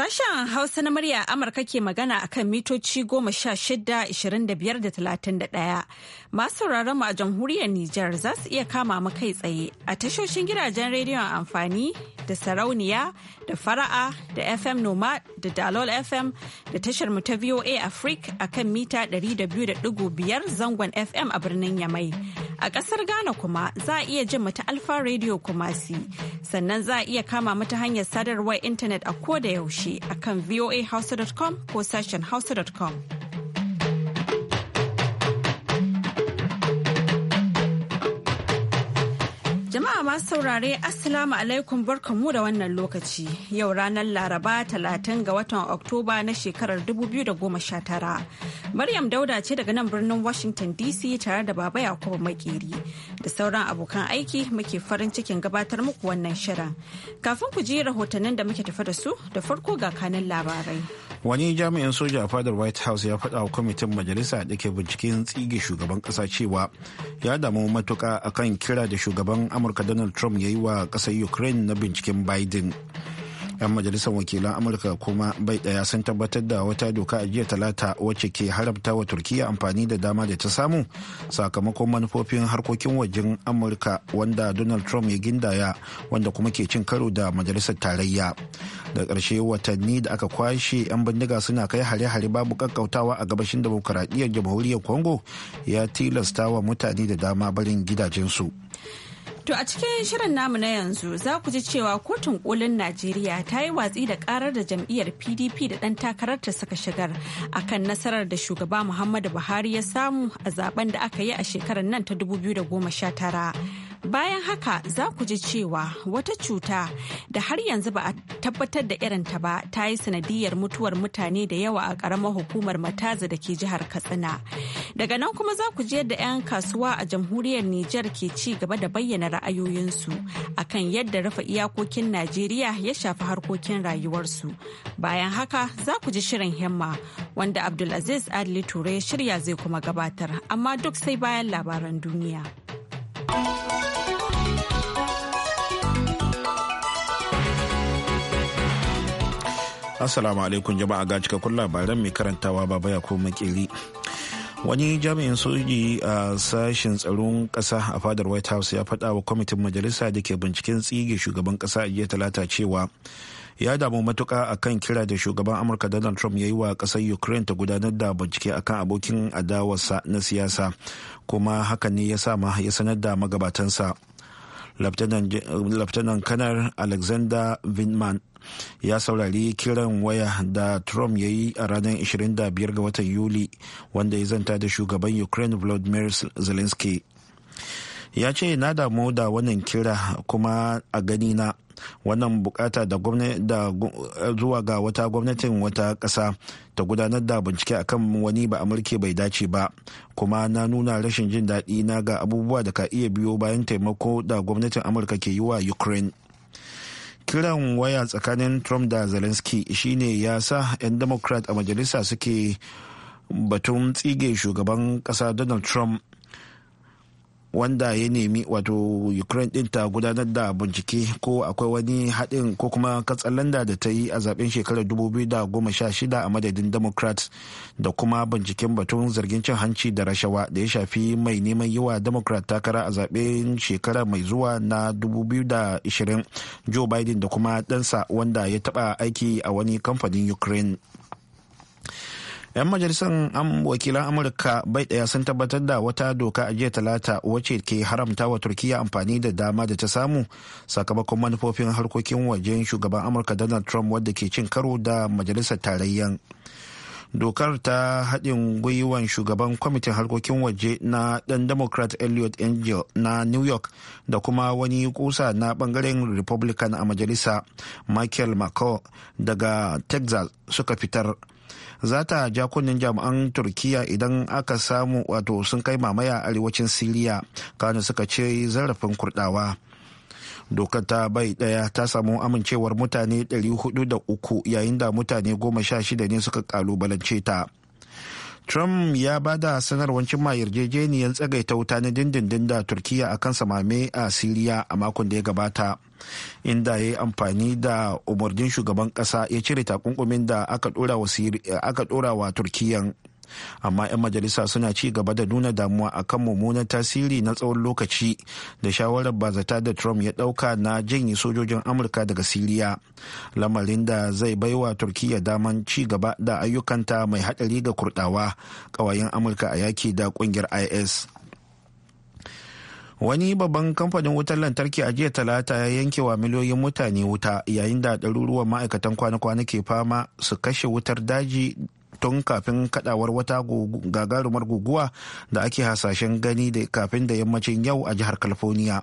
Sashen Hausa na murya Amurka ke magana a kan mitoci goma sha shida, ishirin da biyar da talatin da ɗaya. Masu mu a jamhuriyar Nijar za su iya kama mu kai tsaye a tashoshin gidajen rediyon amfani da sarauniya da fara'a da FM Noma da Dalol FM da tashar mu ta VOA Africa a kan mita biyar zangon FM a birnin Yamai. A ƙasar Ghana kuma za a iya jin mata Alfa Radio Kumasi. Sannan za a iya kama mata hanyar sadarwar intanet a ko da yaushe. Gwamnati akan voahausa.com ko sashen hausa.com. Jama'a masu saurare Assalamu alaikum barkanmu da wannan lokaci yau ranar Laraba talatin ga watan Oktoba na shekarar 2019. Maryam Dauda ce daga nan birnin Washington DC tare da Baba Yakubu Makeri da sauran abokan aiki muke farin cikin gabatar muku wannan shirin. Kafin ku ji rahotannin da muke tafa da su da farko ga kanan labarai. wani jami'in soja a fadar white house ya faɗa wa kwamitin majalisa da ke binciken tsige shugaban ƙasa cewa ya damu matuka akan kira da shugaban amurka donald trump ya yi wa ƙasar ukraine na binciken biden 'yan majalisar wakilan amurka kuma bai daya sun tabbatar da wata doka a jiya talata wacce ke haramta wa turkiya amfani da dama da ta samu sakamakon manufofin harkokin wajen amurka wanda donald trump ya gindaya wanda kuma ke cin karo da majalisar tarayya da karshe watanni da aka kwashe 'yan bindiga suna kai hare-hare babu kakkautawa a gabashin demokuraɗiyyar jamhuriyar congo ya tilasta wa mutane da dama barin gidajensu. To a cikin shirin namu na yanzu za ku ji cewa kotun kolin Najeriya ta yi watsi da karar da jam'iyyar PDP da ɗan takararta suka shigar akan nasarar da shugaba Muhammadu Buhari ya samu a zaben da aka yi a shekarar nan ta 2019. Bayan haka za ku ji cewa wata cuta da har yanzu ba a tabbatar da irinta ba ta yi sanadiyar mutuwar mutane da yawa a ƙaramar hukumar Mataza da ke jihar Katsina. Daga nan kuma za ku ji yadda 'yan kasuwa a jamhuriyar Nijar ke ci gaba da bayyana ra'ayoyinsu a kan yadda rufe iyakokin Najeriya ya shafi harkokin rayuwarsu. Bayan haka za ku ji shirin himma wanda Abdulaziz Adli Ture shirya zai kuma gabatar amma duk sai bayan labaran duniya. Assalamu alaikum jama'a ga cikakkun labaran mai karantawa baba ya ko makeri. Wani jami'in soji a sashen tsaron ƙasa a fadar White House ya faɗa wa kwamitin majalisa da ke binciken tsige shugaban ƙasa a talata cewa ya damu matuka a kan kira da shugaban amurka donald trump ya yi wa kasar ukraine ta gudanar da bincike akan abokin adawarsa na siyasa kuma hakan ne ya sa ma ya sanar da magabatansa laftanan kanar alexander vinman ya saurari kiran waya da trump ya yi a ranar 25 ga watan yuli wanda ya zanta da shugaban ukraine vladimir zelensky ya ce na damu da wannan kira kuma a gani na wannan bukata da zuwa ga wata gwamnatin wata ƙasa ta gudanar da bincike akan wani ba amurke bai dace ba kuma na nuna rashin jin daɗi na ga abubuwa da ka iya biyo bayan taimako da gwamnatin amurka ke yi wa ukraine kiran waya tsakanin trump da zelensky shine ya sa 'yan democrat a majalisa suke batun tsige shugaban kasa donald trump wanda ya nemi wato ukraine din ta gudanar da bincike ko akwai wani haɗin ko kuma katsalanda da ta yi a zaben shekarar 2016 a madadin democrats da kuma binciken batun zargin cin hanci da rashawa da ya shafi mai neman yiwa democrat takara a zaben shekara mai zuwa na 2020 joe biden da kuma ɗansa wanda ya taɓa aiki a wani kamfanin ukraine 'yan majalisar wakilan amurka bai daya sun tabbatar da wata doka a jiya talata wacce ke haramta wa turkiya amfani da dama da ta samu sakamakon manufofin harkokin wajen shugaban amurka donald trump wadda ke cin karo da majalisar tarayyan dokar ta haɗin gwiwan shugaban kwamitin harkokin waje na ɗan democrat elliot angel na new york da kuma wani kusa na ɓangaren republican a majalisa michael mccall daga texas suka fitar za ta ja jami'an turkiya idan aka samu wato sun kai mamaya arewacin siriya kano suka ce zarafin kurdawa dokar ta bai daya ta samu amincewar mutane 403 yayin da mutane 16 ne suka kalubalance ta Trump ya ba da sanarwar cimma yarjejeniyar tsagaita wuta na dindindin da Turkiyya a kan samame a Siriya a makon da ya gabata, inda ya yi amfani da umarnin shugaban ƙasa ya cire takunkumin da aka ɗora wa Turkiyan. amma 'yan majalisa suna ci gaba da nuna damuwa akan mummunan tasiri na tsawon lokaci da shawarar bazata da trump ya ɗauka na janye sojojin amurka daga siriya lamarin da zai baiwa turkiyya daman ci gaba da ayyukanta mai haɗari ga kurdawa ƙawayen amurka a yaki da ƙungiyar is wani babban kamfanin wutar lantarki a jiya talata ya yanke wa miliyoyin mutane wuta yayin da ɗaruruwan ma'aikatan kwana-kwana ke fama su kashe wutar daji tun kafin kadawar wata gagarumar guguwa da ake hasashen gani da kafin da yammacin yau a jihar california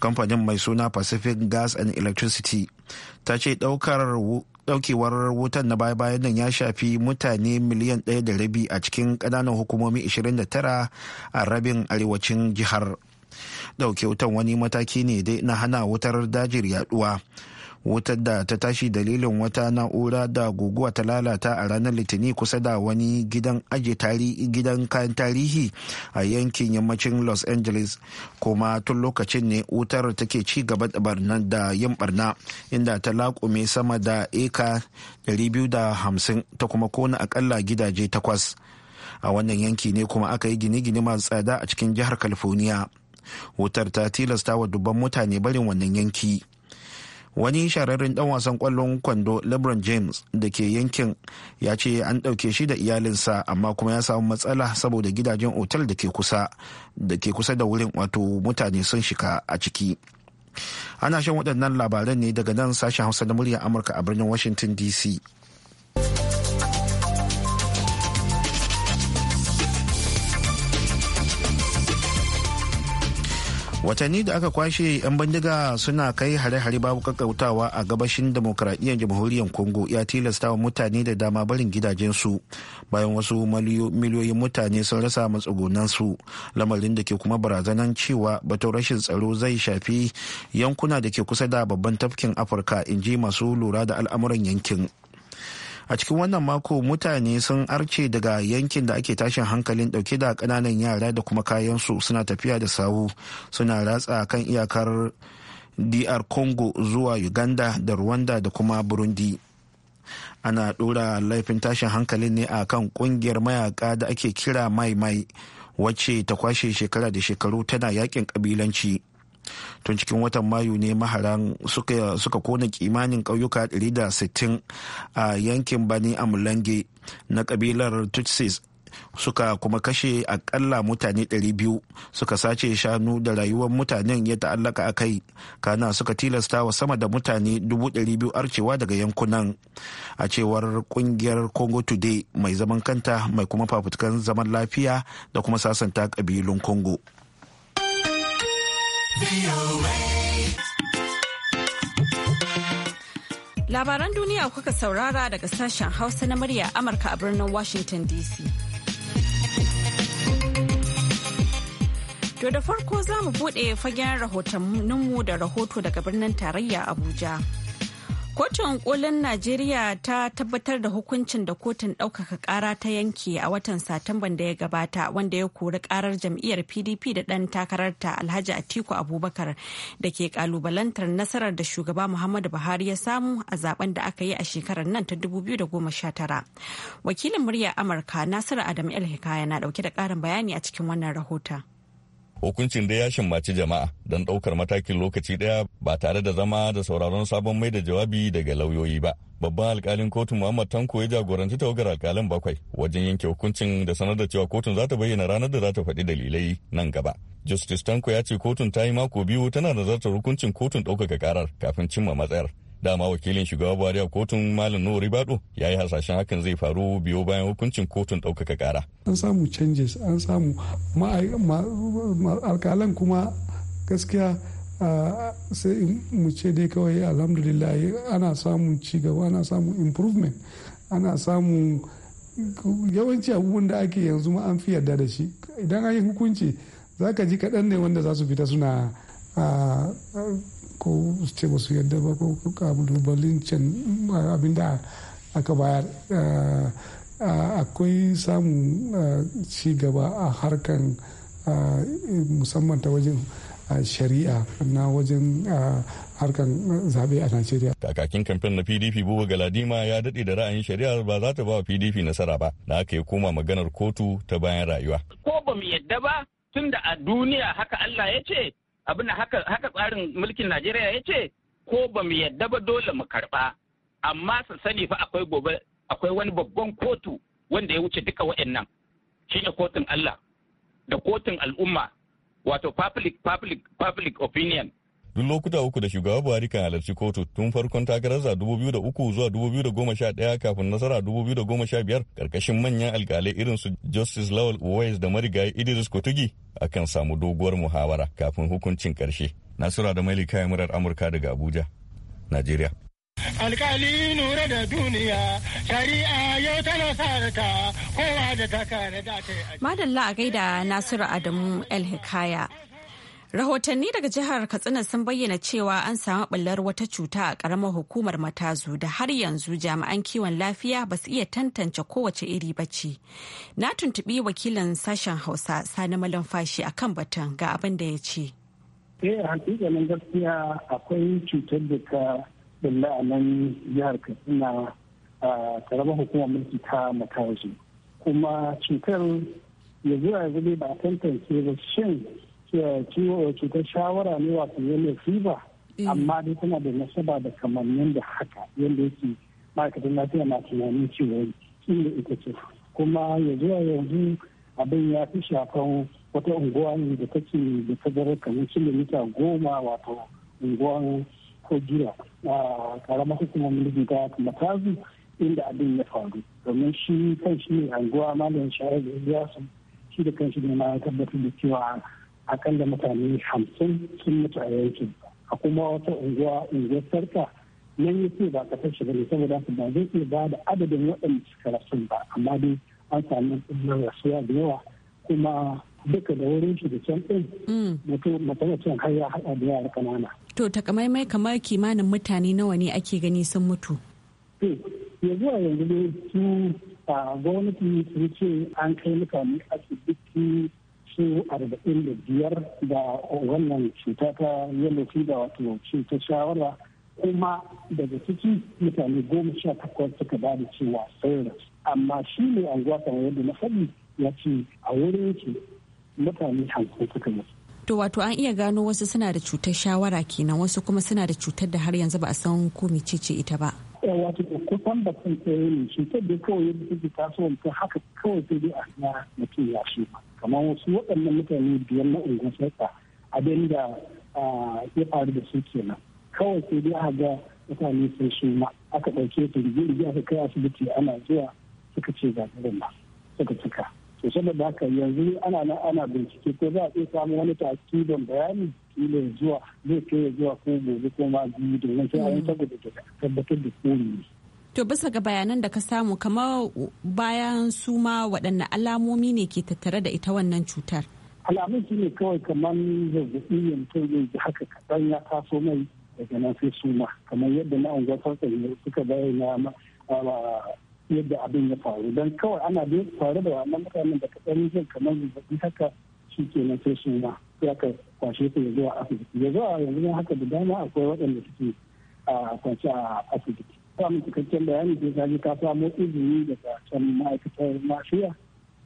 kamfanin mai suna pacific gas and electricity ta ce daukar daukewar wutan na baya-bayan nan ya shafi mutane miliyan ɗaya da rabi a cikin ƙananan hukumomi 29 a rabin arewacin jihar dauke wutan wani mataki ne dai na hana wutar dajir yaduwa wutar da ta tashi dalilin wata na'ura da guguwa ta lalata a ranar litini kusa da wani gidan aje gidan kayan tarihi a yankin yammacin los angeles kuma tun lokacin ne wutar take ci gaba da yin barna inda ta laƙume sama da eka 250 ta kuma kona akalla gidaje takwas a wannan yanki ne kuma aka yi gine-gine masu tsada a cikin jihar california wutar ta tilasta wa dubban mutane barin wannan yanki. wani shahararren dan wasan kwallon kwando lebron james da ke yankin ya ce an ɗauke shi da iyalinsa amma kuma ya samu matsala saboda gidajen otal da ke kusa da ke kusa da wurin wato mutane sun shika a ciki ana shan waɗannan labaran ne daga nan sashen hausa na muryar amurka a birnin washington dc watanni da aka kwashe 'yan bindiga suna kai hare-hare babu kakkautawa a gabashin demokradiyyar jamhuriyar congo ya tilasta wa mutane da dama barin gidajensu bayan wasu miliyoyin mutane sun rasa matsugunansu lamarin da ke kuma barazanan cewa batun rashin tsaro zai shafi yankuna da ke kusa da babban tafkin afirka in ji masu lura da al'amuran yankin a cikin wannan mako mutane sun arce daga yankin da ake tashin hankalin dauke da kananan yara da kuma kayansu suna tafiya da sawu suna ratsa kan iyakar dr congo zuwa uganda da rwanda da kuma burundi ana dora laifin tashin hankalin ne a kan kungiyar mayaka da ake kira mai mai wacce ta kwashe shekara da shekaru tana yakin kabilanci tun cikin watan mayu ne maharan suka kona kimanin ƙauyuka 160 a yankin bani amulange na kabilar tutsis suka kuma kashe akalla mutane 200 suka sace shanu da rayuwar mutanen ya ta'allaka a kai kana suka tilasta wa sama da mutane 200 arcewa daga yankunan a cewar kungiyar congo today mai zaman kanta mai kuma fafutukan zaman lafiya da kuma sasanta kabilun congo Labaran duniya kuka saurara daga sashen Hausa na murya Amurka a birnin Washington DC. To da farko za mu buɗe fagen rahotanninmu da rahoto daga birnin tarayya Abuja. Kotun kolin Najeriya ta tabbatar da hukuncin da kotun ɗaukaka ƙara ta yanke a watan Satumban da ya gabata wanda ya kori ƙarar jam'iyyar PDP da ɗan takararta Alhaji Atiku Abubakar da ke ƙalubalantar nasarar da shugaba Muhammadu Buhari ya samu a zaben da aka yi a shekarar nan ta 2019. Wakilin muryar Amurka Nasiru Adam El Hikaya na ɗauke da ƙarin bayani a cikin wannan rahoton. hukuncin da ya shimmaci jama'a don ɗaukar matakin lokaci ɗaya ba tare da zama da sauraron sabon mai da jawabi daga lauyoyi ba babban alkalin kotun muhammad tanko ya jagoranci tawagar alkalin bakwai wajen yanke hukuncin da sanar da cewa kotun za ta bayyana ranar da za ta faɗi dalilai nan gaba justice tanko ya ce kotun ta yi mako biyu tana nazartar hukuncin kotun ɗaukaka karar kafin cimma matsayar dama wakilin shugaba buhari a kotun malam nuhu ribado ya yi hasashen hakan zai faru biyo bayan hukuncin kotun ɗaukaka ƙara an samu changes an samu alƙalan kuma gaskiya sai mu ce dai kawai alhamdulillah ana samun cigaba ana samun improvement ana samun yawanci abubuwan da ake yanzu ma an fi yarda da shi idan an yi hukunci za ka ji kaɗan ne wanda za su fita suna ko ce ba su yadda ba ko kalubalen can abin da aka bayar eh, eh, akwai samun eh, ci gaba a harkan musamman ta wajen shari'a na wajen harkan zaɓe a Najeriya. Kakakin kamfen na PDP Buba Galadima ya daɗe da ra'ayin shari'ar ba za ta ba wa PDP nasara ba, da aka yi koma maganar kotu ta bayan rayuwa. Ko ba mu yadda ba, tun da a duniya haka Allah ya ce, abin haka haka tsarin mulkin Najeriya ya ce ko ba mu yadda ba dole mu karba amma su sani fa akwai gobe akwai wani babban kotu wanda ya wuce duka waɗannan shine kotun Allah da kotun al'umma wato public public public opinion duk lokuta uku da shugaba buhari kan halarci kotu tun farkon takararsa 2003 zuwa 2011 kafin nasara biyar karkashin manyan alkalai irin su justice lawal wise da marigayi idris kotugi akan samu doguwar muhawara kafin hukuncin karshe nasura da maili kayan murar amurka daga abuja nigeria alkali nura da duniya shari'a yau tana sarata kowa da ta da ta yi madalla a gaida nasiru adamu el hikaya Rahotanni daga jihar Katsina sun bayyana cewa an samu ɓullar wata cuta a ƙaramar hukumar matazu da har yanzu jami'an kiwon lafiya ba su iya tantance kowace iri ba ce. Na tuntuɓi wakilin sashen Hausa Sani Malamfashi a kan batun ga abin da ya ce. Eh hakikanin gaskiya akwai cutar da ka nan jihar Katsina a ƙaramar hukumar mulki ta matazu. Kuma cutar ya zuwa yanzu ba tantance ba shin ciwo eh, cutar shawara ne wato yellow fever eh. amma dai tana da nasaba da kamannin da haka yadda yake ma'aikatan lafiya na tunanin cewa inda ita ce kuma ya zuwa yanzu abin ya fi shafan wata unguwa ne da take da tazarar kamar kilomita goma wato unguwan kogira a karamar hukumar mulki ta matazu inda abin ya faru domin shi kan shi ne unguwa malam shayar da ya shi da kan shi ne ma ya tabbatar da cewa akalla mutane hamsin sun mutu a yankin a kuma wata unguwa unguwar sarka nan yake ba kasar shi ne saboda ba zai iya ba da adadin waɗanda suka rasu ba amma dai an sami ɗan rasuwa da yawa kuma duka da wurin shi da can ɗin mm. mutum har ya haɗa da yara ƙanana. To takamaimai kamar kimanin mutane nawa ne ake gani sun mutu? ya zuwa yanzu dai su a gwamnati sun ce an kai mutane asibiti su arba'in da biyar da wannan cuta ta yellow wato ta shawara kuma daga ciki mutane goma sha takwas suka ba da cewa sauran amma shi ne anguwa kamar yadda na faɗi ya ce a wurin ki mutane hamsin suka yi To wato an iya gano wasu suna da cutar shawara kenan wasu kuma suna da cutar da har yanzu ba a san ko ce ita ba. wato kusan da sun tsaye ne shi ta da kawai yadda tasowar ta haka kawai sai dai a siya mutum ya shi kamar wasu waɗannan mutane biyar na unguwar sarka abin da ya faru da su ke nan kawai sai dai a ga mutane sun shi ma aka ɗauke su rige aka kai asibiti ana zuwa suka ce ga irin ba suka cika to saboda haka yanzu ana ana bincike ko za a iya samu wani tasirin bayani ilin zuwa zai kai zuwa ko gobe ko ma biyu domin sai a tabbatar da tabbatar da kore To bisa ga bayanan da ka samu kamar bayan su ma waɗanne alamomi ne ke tattare da ita wannan cutar? Alamun shi ne kawai kamar zazzaɓi yanzu zai ji haka kaɗan ya taso mai daga nan sai suma kamar yadda na unguwar ne suka bayyana yadda abin ya faru don kawai ana da faru da wannan mutanen da kaɗan jin kamar zazzaɓi haka shi kenan sai suma. sai aka kwashe su ya zuwa asibiti ya zuwa yanzu haka da dama akwai waɗanda suke a kwanci a asibiti mu cikakken bayani sai ka ji ka samo izini daga can ma'aikatar mashiya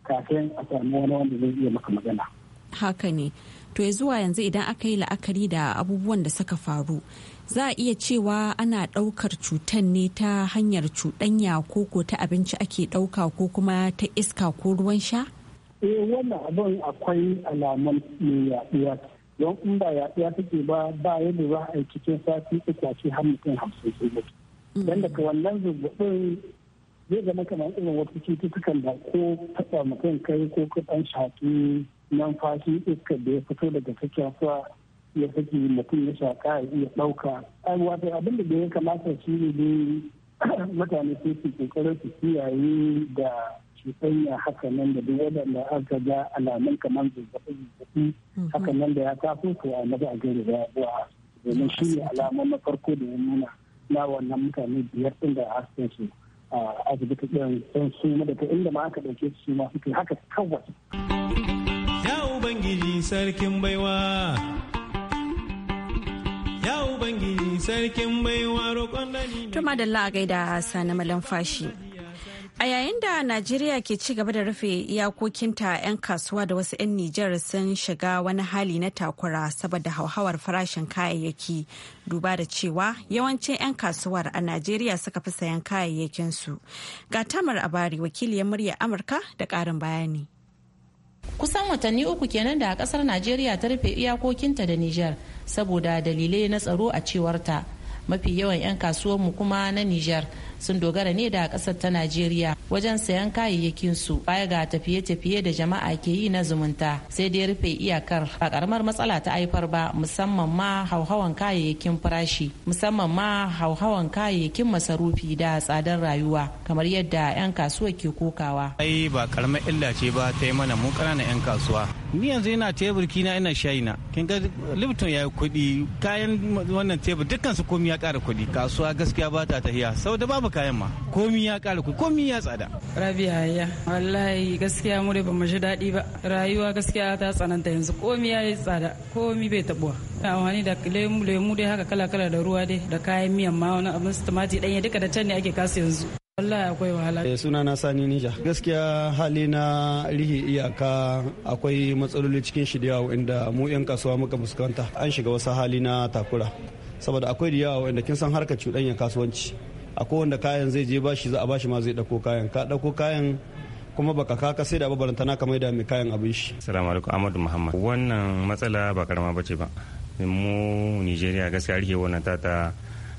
kafin a samu wani wanda zai iya maka magana haka ne to ya zuwa yanzu idan aka yi la'akari da abubuwan da suka faru za a iya cewa ana ɗaukar cutan ne ta hanyar cuɗanya ko ko ta abinci ake ɗauka ko kuma ta iska ko ruwan sha? eh wannan abin akwai alaman mai yaɗuwa don in ba yaɗuwa take ba ba yadda za a yi cikin sati uku a ce har mutum hamsin sun mutu mm. don daga wannan zazzabin zai zama kamar irin wasu cututtukan da ko taɓa mutum kai ko shafi nan fashi iska da ya fito daga cikin ya saki mutum ya shaƙa ya iya ɗauka wato abin da ya kamata shi ne dai mutane sai su kokarin su kiyaye da cuɗanya haka nan da duk waɗanda aka ga alamun kamar zazzaɓi zazzaɓi mhm. haka nan da ya taso ko a maza a gari da yawa domin shi ne alamun na farko da ya nuna na wannan mutane biyar ɗin da aka su a asibiti ɗin sun su daga inda ma aka ɗauke su ma suke haka kawai. Ya Ubangiji sarkin baiwa. Ya Ubangiji sarkin baiwa roƙon da ni. Tuma da la'agai da sani malamfashi. fashi. A yayin da Najeriya ke ci gaba da rufe iyakokinta 'yan kasuwa da wasu 'yan Nijar sun shiga wani hali na takura saboda hauhawar farashin kayayyaki duba da cewa yawancin 'yan kasuwar a Najeriya suka fi sayan kayayyakinsu. Ga tamar abari wakiliyar murya Amurka da ƙarin bayani. Kusan watanni uku kenan da kasar Najeriya ta rufe iyakokinta da Nijar saboda dalilai na tsaro a cewarta. Mafi yawan 'yan kasuwanmu kuma na Nijar sun dogara ne da kasar ta najeriya wajen sayan kayayyakin su baya ga tafiye-tafiye da jama'a ke yi na zumunta sai dai rufe iyakar ba karamar matsala ta haifar ba musamman ma hauhawan kayayyakin farashi musamman ma hauhawan kayayyakin masarufi da tsadar rayuwa kamar yadda 'yan kasuwa ke kokawa ai ba karamar illa ce ba ta yi mana mu ƙananan 'yan kasuwa ni yanzu ina tebur kina ina shayina kin ga lipton ya yi kuɗi kayan wannan tebur dukkan su komi ya ƙara kuɗi kasuwa gaskiya ba ta tahiya saboda babu fa kayan ma komi ya ƙara kuɗi komi ya tsada rabiya ya wallahi gaskiya mu dai bamu ji daɗi ba rayuwa gaskiya ta tsananta yanzu komi ya yi tsada komi bai tabuwa amfani da lemu lemu dai haka kala kala da ruwa dai da kayan miyan ma wani abin su tumati ɗanye duka da can ne ake kasa yanzu wallahi akwai wahala eh, suna na sani nija gaskiya hali na rihi iyaka akwai matsaloli cikin shi da yawa inda mu yan kasuwa muka fuskanta an shiga wasu hali na takura saboda akwai da yawa inda kin san harkar cuɗanya kasuwanci a kowanne kayan zai je bashi za a bashi ma zai ɗauko kayan ka ɗauko kayan kuma baka kaka sai da ababaranta na kama da mai kayan abin shi. Assalamu alaikum Ahmadu Muhammad. Wannan matsala ba karama bace ba. Mu Nigeria gaskiya rike wannan ta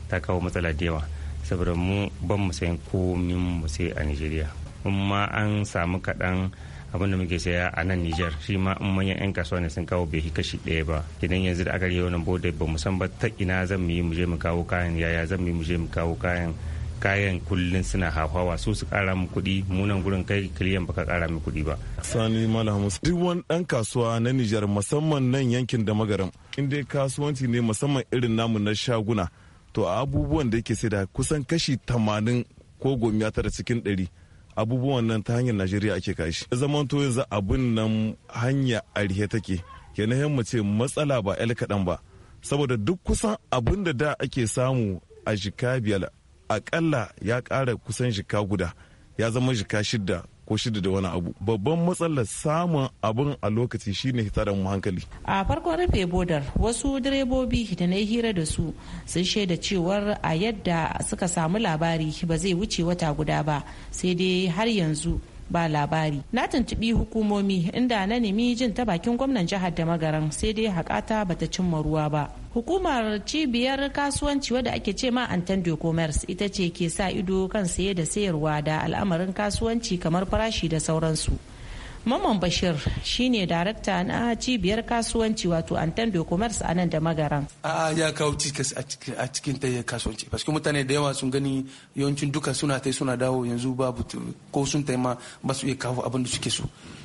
ta kawo matsala da yawa saboda mu ban mu sayan komin mu sai a Nigeria. Kuma an samu kaɗan abin da muke saya a nan Nijar shi ma in manyan 'yan kasuwa ne sun kawo bai kashi ɗaya ba idan yanzu da aka yi wannan bode ba mu san ba ta ina zan mu yi mu je mu kawo kayan yaya zan mu yi mu je mu kawo kayan kayan kullun suna hawa su su kara mu kuɗi munan gurin kai kiliyan baka kara mu kuɗi ba. Sani Malam duk wani ɗan kasuwa na Nijar musamman nan yankin da magaram in dai kasuwanci ne musamman irin namu na shaguna to abubuwan da yake sai da kusan kashi tamanin ko gomiya tara cikin ɗari abubuwan nan ta hanyar najeriya ake kashi zamanto yanzu abin nan hanya arhe take take na mu ce matsala ba yal kaɗan ba saboda duk kusan abin da da ake samu a jika biyar akalla ya ƙara kusan jika guda ya zama jika shidda ko shida da wani abu babban matsalar samun abun a lokaci shine hita mu hankali a farkon rufe bodar wasu direbobi da na hira da su sun shaida cewar a yadda suka samu labari ba zai wuce wata guda ba sai dai har yanzu ba labari na tuntubi hukumomi inda na nemi jin ta bakin gwamnan jihar da magaran sai dai hakata bata cimma ruwa ba hukumar cibiyar kasuwanci wadda ake ce ma antando commerce ita ce ke sa ido kan saye da sayarwa da al'amarin kasuwanci kamar farashi da sauransu Maman Bashir shine darakta na cibiyar kasuwanci wato Antan Commerce a nan da magaran. A'a ya kawo cikas a cikin ta kasuwanci. Paske mutane da yawa sun gani yawancin duka suna tai suna dawo yanzu babu ko sun taima ba su iya kawo abin da suke so.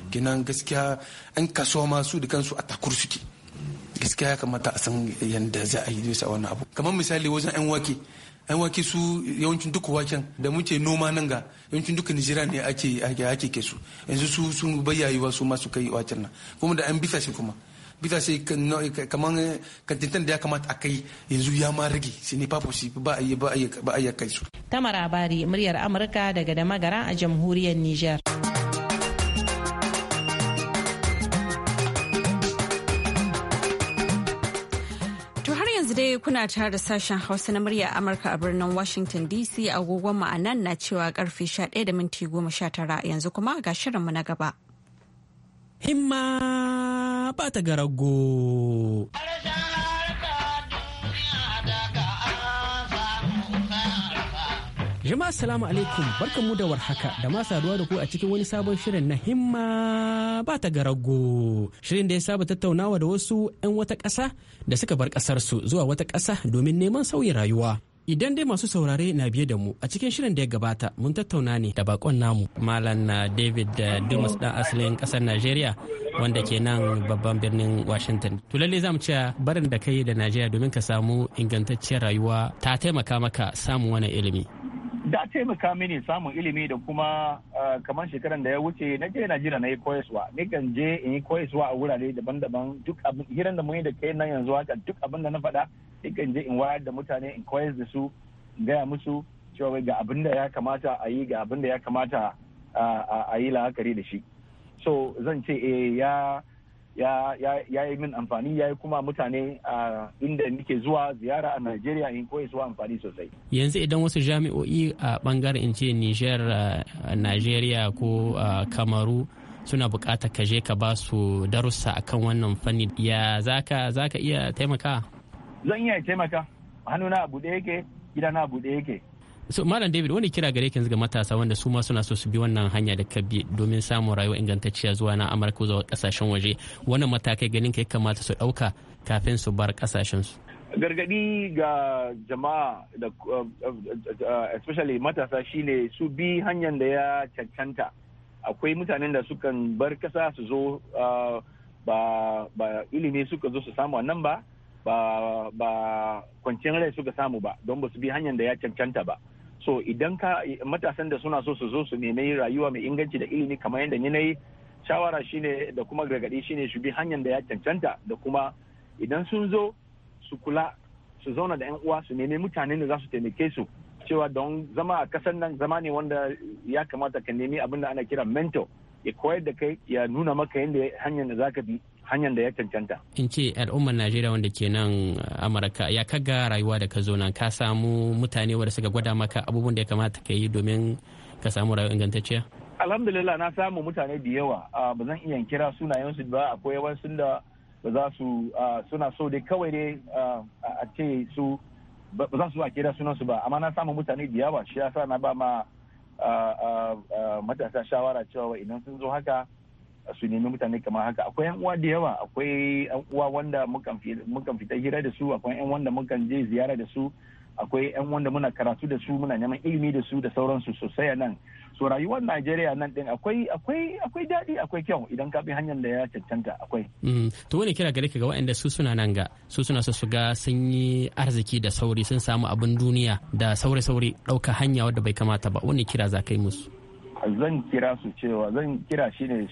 Kenan gaskiya an kasuwa ma su da kansu a takur suke. Gaskiya ya kamata a san yadda za a yi a wannan abu. Kamar misali wajen 'yan wake. yan wake su yawancin duk waken da muke noma nan ga yawancin duka nigeria ne ake ake ke su yanzu su sun bayyayewa su masu kai waken nan kuma da an bisa shi kuma bisa sai kaman eh, kantintan da ya kamata a kai yanzu ya ma rage shi ne shi ba a yi kai su. Tamara Bari muryar Amurka daga da magara a jamhuriyar Nijar. kuna tare da sashen Hausa na murya Amurka a birnin Washington DC agogon mu nan na cewa karfe 11:19, yanzu kuma ga shirinmu na gaba. Himma ba ta garago. Jama'a salamu alaikum barkanmu da warhaka da ma saduwa da ku a cikin wani sabon shirin na himma ba ta garago. Shirin da ya saba tattaunawa da wasu 'yan wata ƙasa da suka bar ƙasarsu zuwa wata ƙasa domin neman sauyin rayuwa. Idan dai masu saurare na biye da mu a cikin shirin da ya gabata mun tattauna ne da bakon namu Malam na David da eh, Dumas dan asalin ƙasar Najeriya wanda ke nan babban birnin Washington. To lalle za mu ce barin da kai da Najeriya domin ka samu ingantacciyar rayuwa ta taimaka maka samun wani ilimi. da taimaka mini samun ilimi da kuma kamar shekaran da ya wuce na je Najeriya na yi koyaswa ni kan je in yi koyaswa a wurare daban-daban duk abin hiran da mun da kai nan yanzu haka duk abin da na faɗa ni kan je in wayar da mutane in koyas da su in gaya musu cewa ga abin da ya kamata a yi ga abin da ya kamata a yi la'akari da shi so zan ce eh ya ya yi min amfani ya yi kuma mutane a inda nike zuwa ziyara a Najeriya in koyi zuwa amfani sosai. Yanzu idan wasu jami'o'i a bangaren in ce Nijar, Najeriya ko Kamaru suna buƙatar ka je ka ba su darussa akan wannan fanni ya za ka iya taimaka? Zan iya taimaka hannuna abu buɗe yake gidana abu da yake so malam david wani kira gare yanzu ga matasa wanda su ma suna so su bi wannan hanya da ka bi domin samun rayuwa ingantacciya zuwa na amurka zuwa kasashen waje wannan matakai ganin ka kamata su ɗauka kafin su bar kasashen su gargadi ga jama'a da especially matasa shine su bi hanyar da ya cancanta akwai mutanen da sukan bar kasa su zo ba ilimi suka zo su samu wannan ba ba kwanciyar rai suka samu ba don ba su bi hanyar da ya cancanta ba so idan ka matasan da suna so su zo su nemi rayuwa mai inganci da ilimi kamar yadda ni nayi shawara shine da kuma gargaɗi shine su bi hanyar da ya cancanta da kuma idan sun zo su kula su zauna da yan uwa su nemi mutanen da za su taimake su cewa don zama a kasar nan zama ne wanda ya kamata ka nemi abin da ana kira mentor ya koyar da kai ya nuna maka yadda hanyar da za ka bi hanyar da ya cancanta. In ce al'ummar Najeriya wanda ke nan uh, Amurka ya kaga rayuwa da ka zo nan ka samu mutane wanda suka gwada maka abubuwan da ya kamata ka yi domin ka samu rayuwa ingantacciya? Alhamdulillah na samu mutane da yawa ah, ba zan iya kira sunayensu ba akwai wasu da ba za su ah, suna so dai kawai dai ah, a ce su ba za su a kira sunansu ba amma na samu mutane da yawa shi yasa na ba ma matasa shawara cewa idan sun zo haka su nemi mutane kamar haka akwai yan uwa da yawa akwai yan uwa wanda mukan fita hira da su akwai yan wanda mukan je ziyara da su akwai yan wanda muna karatu da su muna neman ilimi da su da sauransu sosai nan so rayuwar Najeriya nan din akwai akwai akwai daɗi akwai kyau idan ka bi hanyar da ya cancanta akwai. Mm, to wani kira gare ka ga waɗanda su suna nan ga su suna so su ga sun yi arziki da sauri sun samu abin duniya da saure-saure ɗauka hanya wadda bai kamata ba wani kira za ka musu. zan kira su cewa zan kira shi ne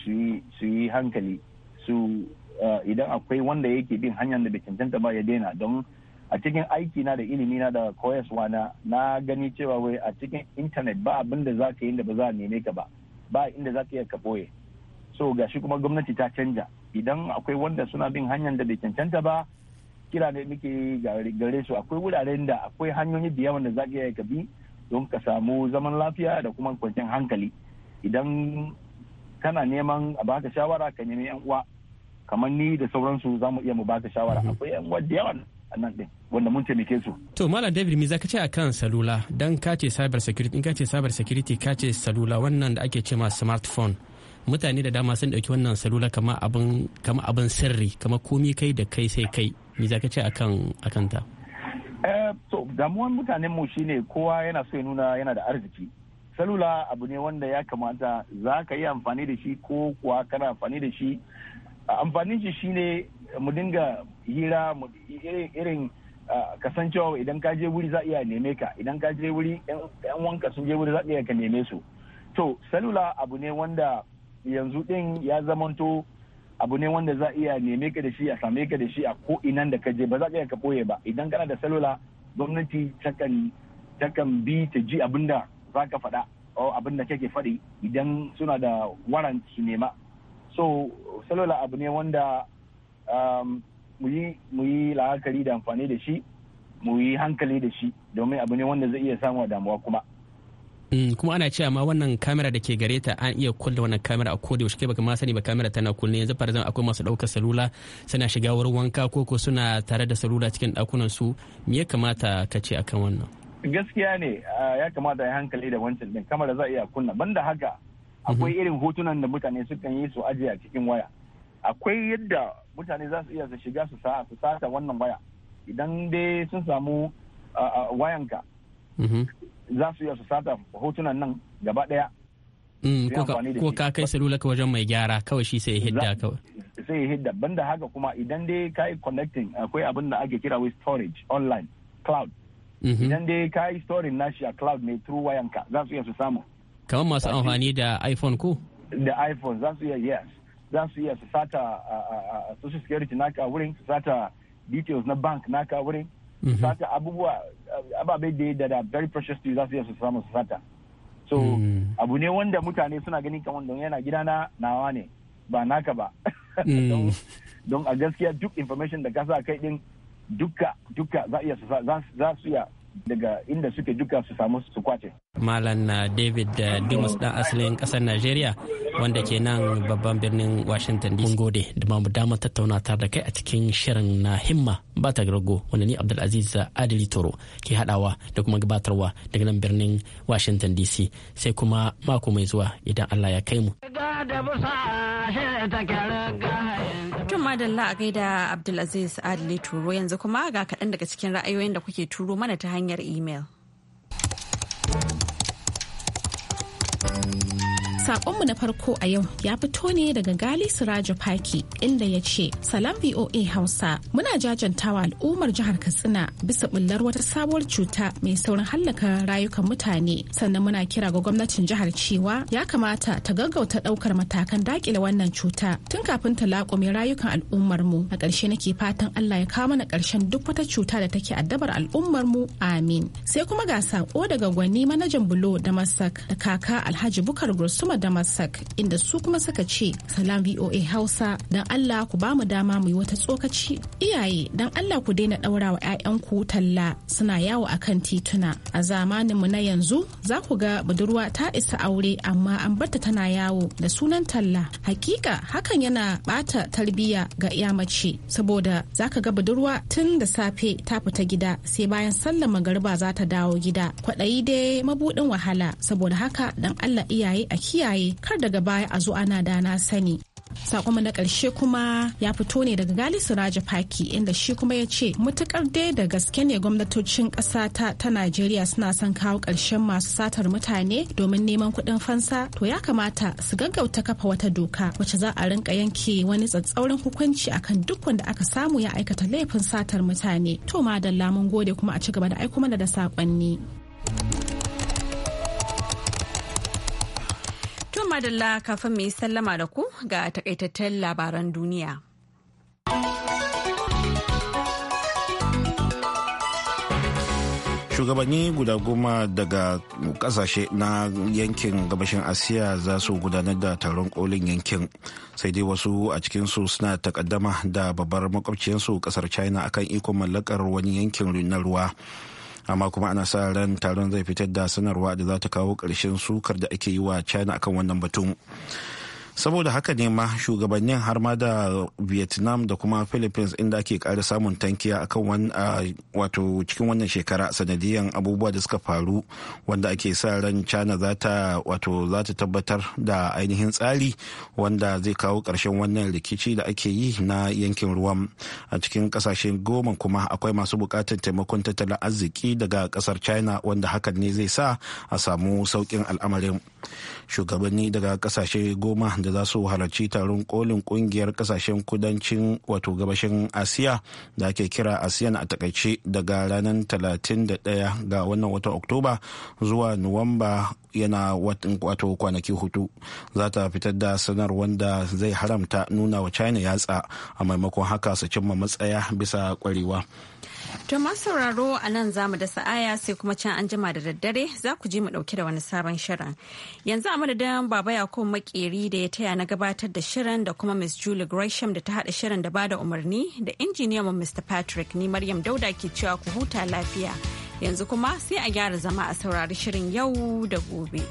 su yi hankali su uh, idan akwai wanda yake bin hanyar da bai cancanta ba ya daina don a cikin aiki na da ilimi na da koyaswa na na gani cewa wai a cikin intanet ba abin da za ka yi da ba za a neme ka ba ba inda za ka yi ka boye so gashi kuma gwamnati ta canja idan akwai wanda suna bin hanyar da bai cancanta ba kira ne muke gare su akwai wuraren da akwai hanyoyi da da za ka yi ka bi don ka samu zaman lafiya da kuma kwanciyar hankali idan kana neman a baka shawara ka nemi yan uwa kamar ni da sauransu za mu iya mu baka shawara mhm. akwai yan uwa da yawa a nan din wanda mun taimake su. To Malam David me ka ce a kan salula dan ka ce cyber security in ka ce cyber security ka ce salula wannan da ake cewa smartphone mutane da dama sun dauki wannan salula kama abin abin sirri kama komi kai da kai sai kai me ka ce a akan ta? so eh, damuwan mutanen mu shine kowa yana so ya nuna yana da arziki salula abu ne wanda ya kamata za ka yi amfani da shi ko kuwa kana amfani da shi amfanin shi shine mu dinga hira irin kasancewa idan ka je wuri za iya neme ka idan ka je wuri yan wanka sun je wuri za iya ka neme su to salula abu ne wanda yanzu din ya zamanto abu ne wanda za iya neme ka da shi a same ka da shi a ko inan da ka je ba za ka iya ka boye ba idan kana da salula gwamnati takan takan bi ta ji abin da za ka faɗa o abin da kake faɗi idan suna da warrant su nema so salula abu ne wanda um, mu yi la'akari da amfani da shi mu yi hankali da shi domin abu ne wanda zai iya samu damuwa kuma Mm, kuma ana cewa ma wannan kamera da ke gare ta an iya kulle wannan kamera a koda yaushe kai baka ma sani ba kamera tana kulle yanzu farzan akwai masu ɗaukar salula suna shiga wurin wanka ko ko suna tare da salula cikin dakunan su me ya kamata ka ce akan wannan gaskiya ne ya kamata yi hankali da wancan din kamera za a iya kunna banda haka mhm. akwai irin hotunan da mutane sukan yi su ajiye a cikin waya akwai yadda mutane za su iya su shiga su su sata wannan waya idan dai sun samu wayanka mhm. za su iya su sata hotunan nan gaba daya. Mm, ko ka kai salula ka wajen mai gyara kawai shi sai hidda kawai sai ya hidda banda haka kuma idan dai ka yi connecting akwai abin da ake kira with storage online cloud mhm. idan dai ka yi storing nashi a cloud ne through wayanka za su iya su samu kamar masu amfani da iphone ko da iphone za su iya yes za su iya su sata social security naka wurin su sata details na bank naka wurin Mhm. sata abubuwa ababe da da da very precious to za su iya su samu su sata so mm. abu ne wanda mutane suna ganin kamar don yana gida na nawa ne ba naka ba mm. don a gaskiya duk information da ka sa kai din duka duka za su iya daga inda suke duka su samu su kwace. Malam na uh, David uh, Dumas dan asalin kasar Najeriya wanda ke nan babban birnin Washington DC. gode da mu damar tattauna tare da kai a cikin shirin na himma ba ta rago wanda ni Abdulaziz Adili Toro ke haɗawa da kuma gabatarwa daga nan birnin Washington DC sai kuma mako mai zuwa idan Allah ya kai mu. Da madalla a gaida Abdulaziz Adli Turo yanzu kuma ga kaɗan daga cikin ra'ayoyin da kuke turo mana ta hanyar imel. Sakonmu na farko a yau ya fito ne daga Gali Siraja Faki inda ya ce, Salam VOA Hausa, muna jajantawa al'ummar jihar Katsina bisa bullar wata sabuwar cuta mai saurin hallaka rayukan mutane. Sannan muna kira ga gwamnatin jihar cewa ya kamata ta gaggauta ɗaukar matakan dakile wannan cuta tun kafin ta laƙume rayukan al'ummar mu. A ƙarshe nake fatan Allah ya kawo mana ƙarshen duk wata cuta da take addabar al'ummar mu. Amin. Sai kuma ga sako daga gwani manajan bulo da Masak da kaka Alhaji Bukar Gursuma Yunwa da inda su kuma suka ce salam VOA Hausa don Allah ku bamu dama mu yi wata tsokaci. Iyaye don Allah ku daina ɗaura wa 'ya'yanku talla suna yawo a kan tituna. A zamanin mu na yanzu za ku ga budurwa ta isa aure amma an barta tana yawo da sunan talla. Hakika hakan yana bata tarbiya ga iya mace saboda za ka ga budurwa tun da safe ta fita gida sai bayan sallar magariba za ta dawo gida. Kwaɗayi dai mabuɗin wahala saboda haka don Allah iyaye a kiyaye kiyaye kar daga baya a zo ana da na sani sakonmu na karshe kuma ya fito ne daga gali raja faki inda shi kuma ya ce mutukar dai da gaske ne gwamnatocin ƙasa ta najeriya suna son kawo ƙarshen masu satar mutane domin neman kuɗin fansa to ya kamata su gaggauta kafa wata doka wacce za a rinka yanke wani tsatsaurin hukunci akan duk wanda aka samu ya aikata laifin satar mutane to madalla lamun gode kuma a ci gaba da aiko mana da saƙonni. madalla kafin mu yi sallama da ku ga takaitattun labaran duniya. shugabanni guda goma daga kasashe na yankin gabashin asiya za su gudanar da taron kolin yankin sai dai wasu a cikinsu suna takaddama da babbar makwabciyarsu kasar china akan ikon mallakar wani yankin na ruwa amma kuma ana sa ran taron zai fitar da sanarwa da za ta kawo ƙarshen sukar da ake yi wa china akan wannan batun saboda haka ne ma shugabannin har ma da vietnam da kuma philippines inda ake kara samun tankiya akan wato cikin wannan shekara sanadiyan abubuwa da suka faru wanda ake sa ran china za ta wato za ta tabbatar da ainihin tsari wanda zai kawo ƙarshen wannan rikici da ake yi na yankin ruwan a cikin kasashen goma kuma akwai masu buƙatar taimakon tattalin arziki daga ƙasar china wanda hakan ne zai sa a samu saukin al'amarin shugabanni daga ƙasashe goma waɗanda za su halarci taron kolin ƙungiyar ƙasashen kudancin wato gabashin asiya da ake kira asiyan a takaice daga ranar 31 ga wannan watan oktoba zuwa nuwamba yana wato kwanaki hutu za ta fitar da sanar wanda zai haramta nuna wa china yatsa a maimakon haka su cimma matsaya bisa kwarewa. To masu sauraro a nan za mu da sa'aya sai kuma can an jima da daddare za ku ji mu dauke da wani sabon shirin. Yanzu a madadin Baba Yakubu Makeri da ya taya na gabatar da shirin da kuma Miss Julie Gresham da ta haɗa shirin da bada umarni da injiniyan Mr. Patrick ni Maryam Dauda ke cewa ku huta lafiya. Yanzu kuma sai a gyara zama a saurari shirin yau da gobe.